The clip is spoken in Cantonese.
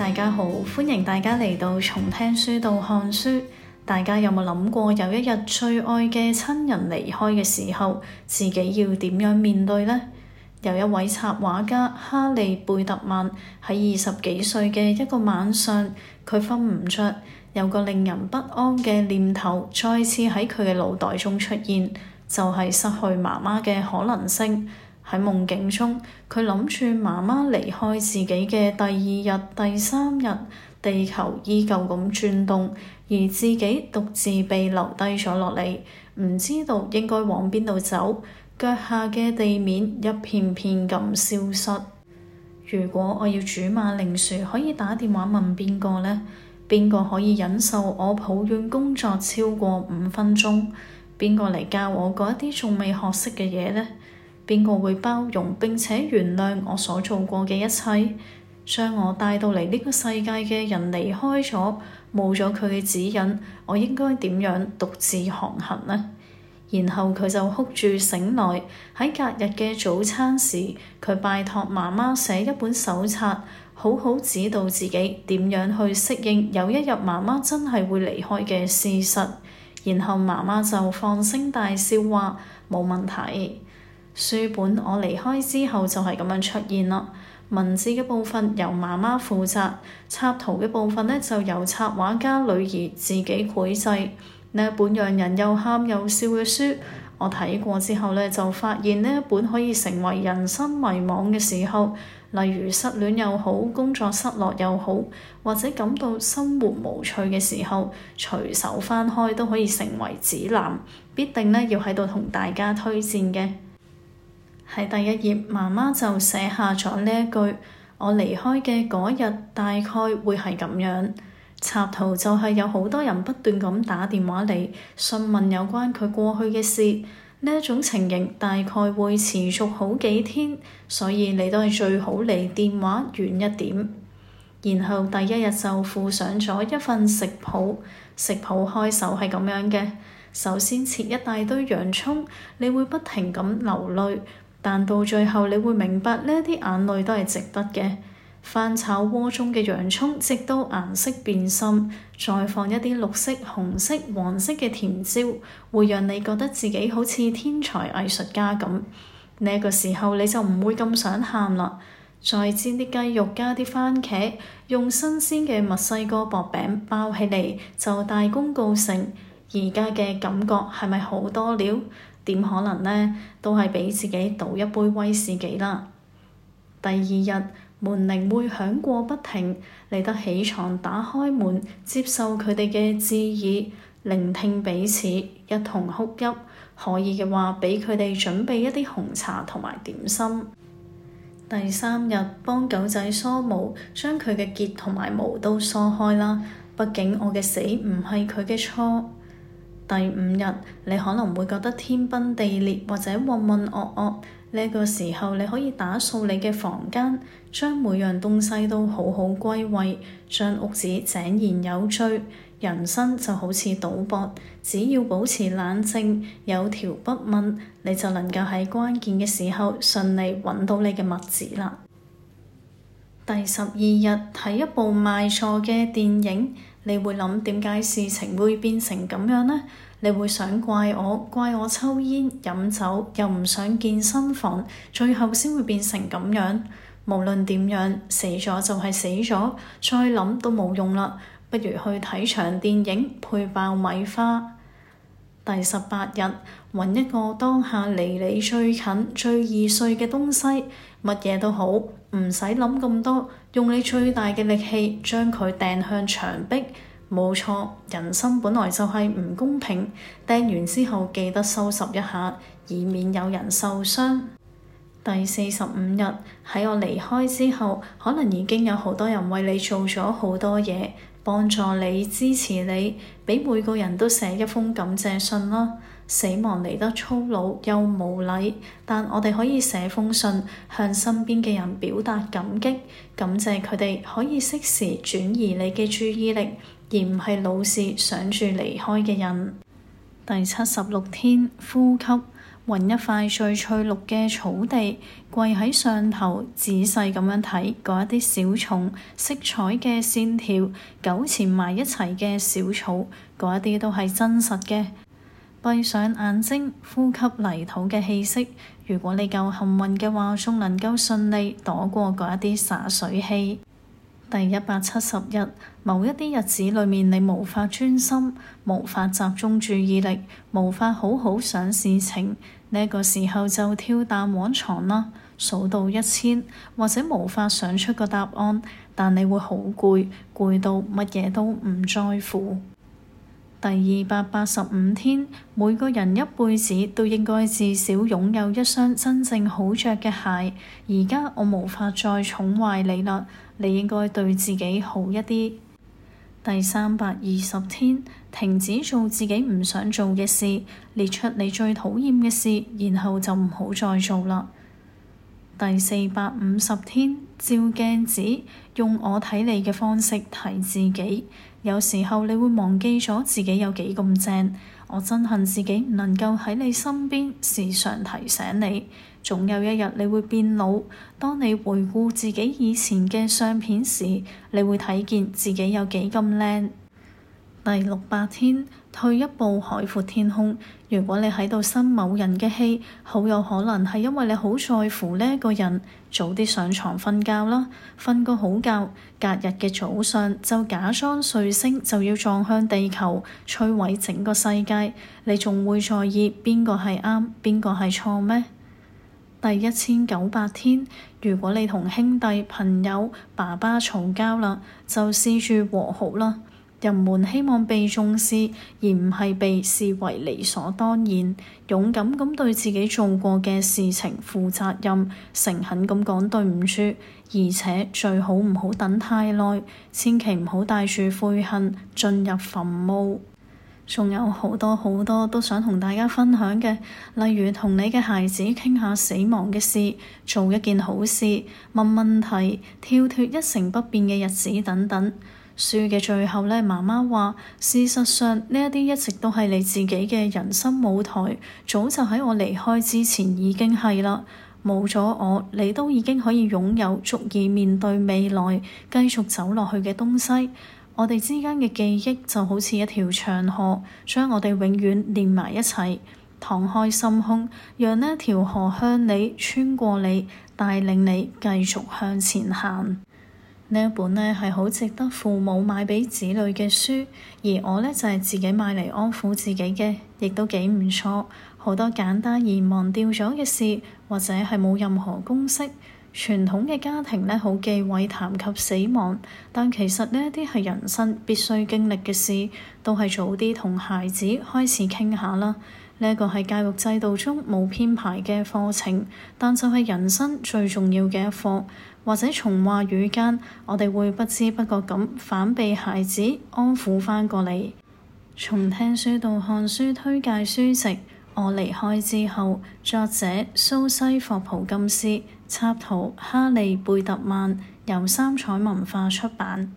大家好，歡迎大家嚟到從聽書到看書。大家有冇諗過，有一日最愛嘅親人離開嘅時候，自己要點樣面對呢？有一位插畫家哈利貝特曼喺二十幾歲嘅一個晚上，佢瞓唔着，有個令人不安嘅念頭再次喺佢嘅腦袋中出現，就係失去媽媽嘅可能性。喺夢境中，佢諗住媽媽離開自己嘅第二日、第三日，地球依舊咁轉動，而自己獨自被留低咗落嚟，唔知道應該往邊度走。腳下嘅地面一片片咁消失。如果我要煮馬鈴薯，可以打電話問邊個呢？邊個可以忍受我抱怨工作超過五分鐘？邊個嚟教我嗰一啲仲未學識嘅嘢呢？邊個會包容並且原諒我所做過嘅一切？將我帶到嚟呢個世界嘅人離開咗，冇咗佢嘅指引，我應該點樣獨自航行呢？然後佢就哭住醒來，喺隔日嘅早餐時，佢拜託媽媽寫一本手冊，好好指導自己點樣去適應有一日媽媽真係會離開嘅事實。然後媽媽就放聲大笑話，話冇問題。書本我離開之後就係咁樣出現啦。文字嘅部分由媽媽負責，插圖嘅部分呢就由插畫家女兒自己繪製。呢本讓人又喊又笑嘅書，我睇過之後呢就發現呢一本可以成為人生迷惘嘅時候，例如失戀又好，工作失落又好，或者感到生活無趣嘅時候，隨手翻開都可以成為指南。必定呢要喺度同大家推薦嘅。喺第一頁，媽媽就寫下咗呢一句：我離開嘅嗰日，大概會係咁樣。插圖就係有好多人不斷咁打電話嚟，詢問有關佢過去嘅事。呢一種情形大概會持續好幾天，所以你都係最好離電話遠一點。然後第一日就附上咗一份食譜，食譜開首係咁樣嘅：首先切一大堆洋葱，你會不停咁流淚。但到最後，你會明白呢啲眼淚都係值得嘅。翻炒鍋中嘅洋葱，直到顏色變深，再放一啲綠色、紅色、黃色嘅甜椒，會讓你覺得自己好似天才藝術家咁。呢個時候你就唔會咁想喊啦。再煎啲雞肉，加啲番茄，用新鮮嘅墨西哥薄餅包起嚟，就大功告成。而家嘅感覺係咪好多了？點可能呢？都係畀自己倒一杯威士忌啦。第二日門鈴會響過不停，嚟得起床，打開門，接受佢哋嘅致意，聆聽彼此一同哭泣。可以嘅話，畀佢哋準備一啲紅茶同埋點心。第三日幫狗仔梳毛，將佢嘅結同埋毛都梳開啦。畢竟我嘅死唔係佢嘅錯。第五日，你可能會覺得天崩地裂或者渾渾噩噩。呢個時候，你可以打掃你嘅房間，將每樣東西都好好歸位，將屋子井然有序。人生就好似賭博，只要保持冷靜，有條不紊，你就能夠喺關鍵嘅時候順利揾到你嘅物資啦。第十二日，睇一部賣座嘅電影。你會諗點解事情會變成咁樣呢？你會想怪我，怪我抽煙、飲酒，又唔想健身房，最後先會變成咁樣。無論點樣，死咗就係死咗，再諗都冇用啦。不如去睇場電影，配爆米花。第十八日，揾一個當下離你最近、最易碎嘅東西，乜嘢都好，唔使諗咁多，用你最大嘅力氣將佢掟向牆壁。冇錯，人生本來就係唔公平。掟完之後記得收拾一下，以免有人受傷。第四十五日，喺我離開之後，可能已經有好多人為你做咗好多嘢，幫助你、支持你，畀每個人都寫一封感謝信啦。死亡嚟得粗魯又無禮，但我哋可以寫封信向身邊嘅人表達感激，感謝佢哋可以適時轉移你嘅注意力，而唔係老是想住離開嘅人。第七十六天，呼吸。揾一塊最翠綠嘅草地，跪喺上頭，仔細咁樣睇嗰啲小蟲、色彩嘅線條、糾纏埋一齊嘅小草，嗰啲都係真實嘅。閉上眼睛，呼吸泥土嘅氣息。如果你夠幸運嘅話，仲能夠順利躲過嗰啲灑水器。1> 第一百七十日，某一啲日子裏面，你無法專心，無法集中注意力，無法好好想事情。呢個時候就跳彈往床啦，數到一千，或者無法想出個答案，但你會好攰，攰到乜嘢都唔在乎。第二百八十五天，每個人一輩子都應該至少擁有一雙真正好着嘅鞋。而家我無法再寵壞你啦，你應該對自己好一啲。第三百二十天，停止做自己唔想做嘅事，列出你最討厭嘅事，然後就唔好再做啦。第四百五十天，照鏡子，用我睇你嘅方式睇自己。有時候你會忘記咗自己有幾咁正，我憎恨自己唔能夠喺你身邊時常提醒你。總有一日你會變老，當你回顧自己以前嘅相片時，你會睇見自己有幾咁靚。第六百天，退一步海闊天空。如果你喺度生某人嘅氣，好有可能係因為你好在乎呢個人。早啲上床瞓覺啦，瞓個好覺，隔日嘅早上就假裝彗星就要撞向地球摧毀整個世界。你仲會在意邊個係啱，邊個係錯咩？第一千九百天，如果你同兄弟朋友爸爸嘈交啦，就試住和好啦。人們希望被重視，而唔係被視為理所當然。勇敢咁對自己做過嘅事情負責任，誠懇咁講對唔住，而且最好唔好等太耐，千祈唔好帶住悔恨進入墳墓。仲有好多好多都想同大家分享嘅，例如同你嘅孩子傾下死亡嘅事，做一件好事，問問題，跳脱一成不變嘅日子等等。書嘅最後呢，媽媽話：事實上呢一啲一直都係你自己嘅人生舞台，早就喺我離開之前已經係啦。冇咗我，你都已經可以擁有，足以面對未來，繼續走落去嘅東西。我哋之間嘅記憶就好似一條長河，將我哋永遠連埋一齊。敞開心胸，讓呢一條河向你，穿過你，帶領你繼續向前行。呢一本呢係好值得父母買俾子女嘅書，而我呢就係自己買嚟安撫自己嘅，亦都幾唔錯。好多簡單而忘掉咗嘅事，或者係冇任何公式。傳統嘅家庭呢好忌諱談及死亡，但其實呢啲係人生必須經歷嘅事，都係早啲同孩子開始傾下啦。呢個係教育制度中冇編排嘅課程，但就係人生最重要嘅一課。或者從話語間，我哋會不知不覺咁反被孩子安撫返過嚟。從聽書到看書，推介書籍《我離開之後》，作者蘇西霍普金斯，插圖哈利貝特曼，由三彩文化出版。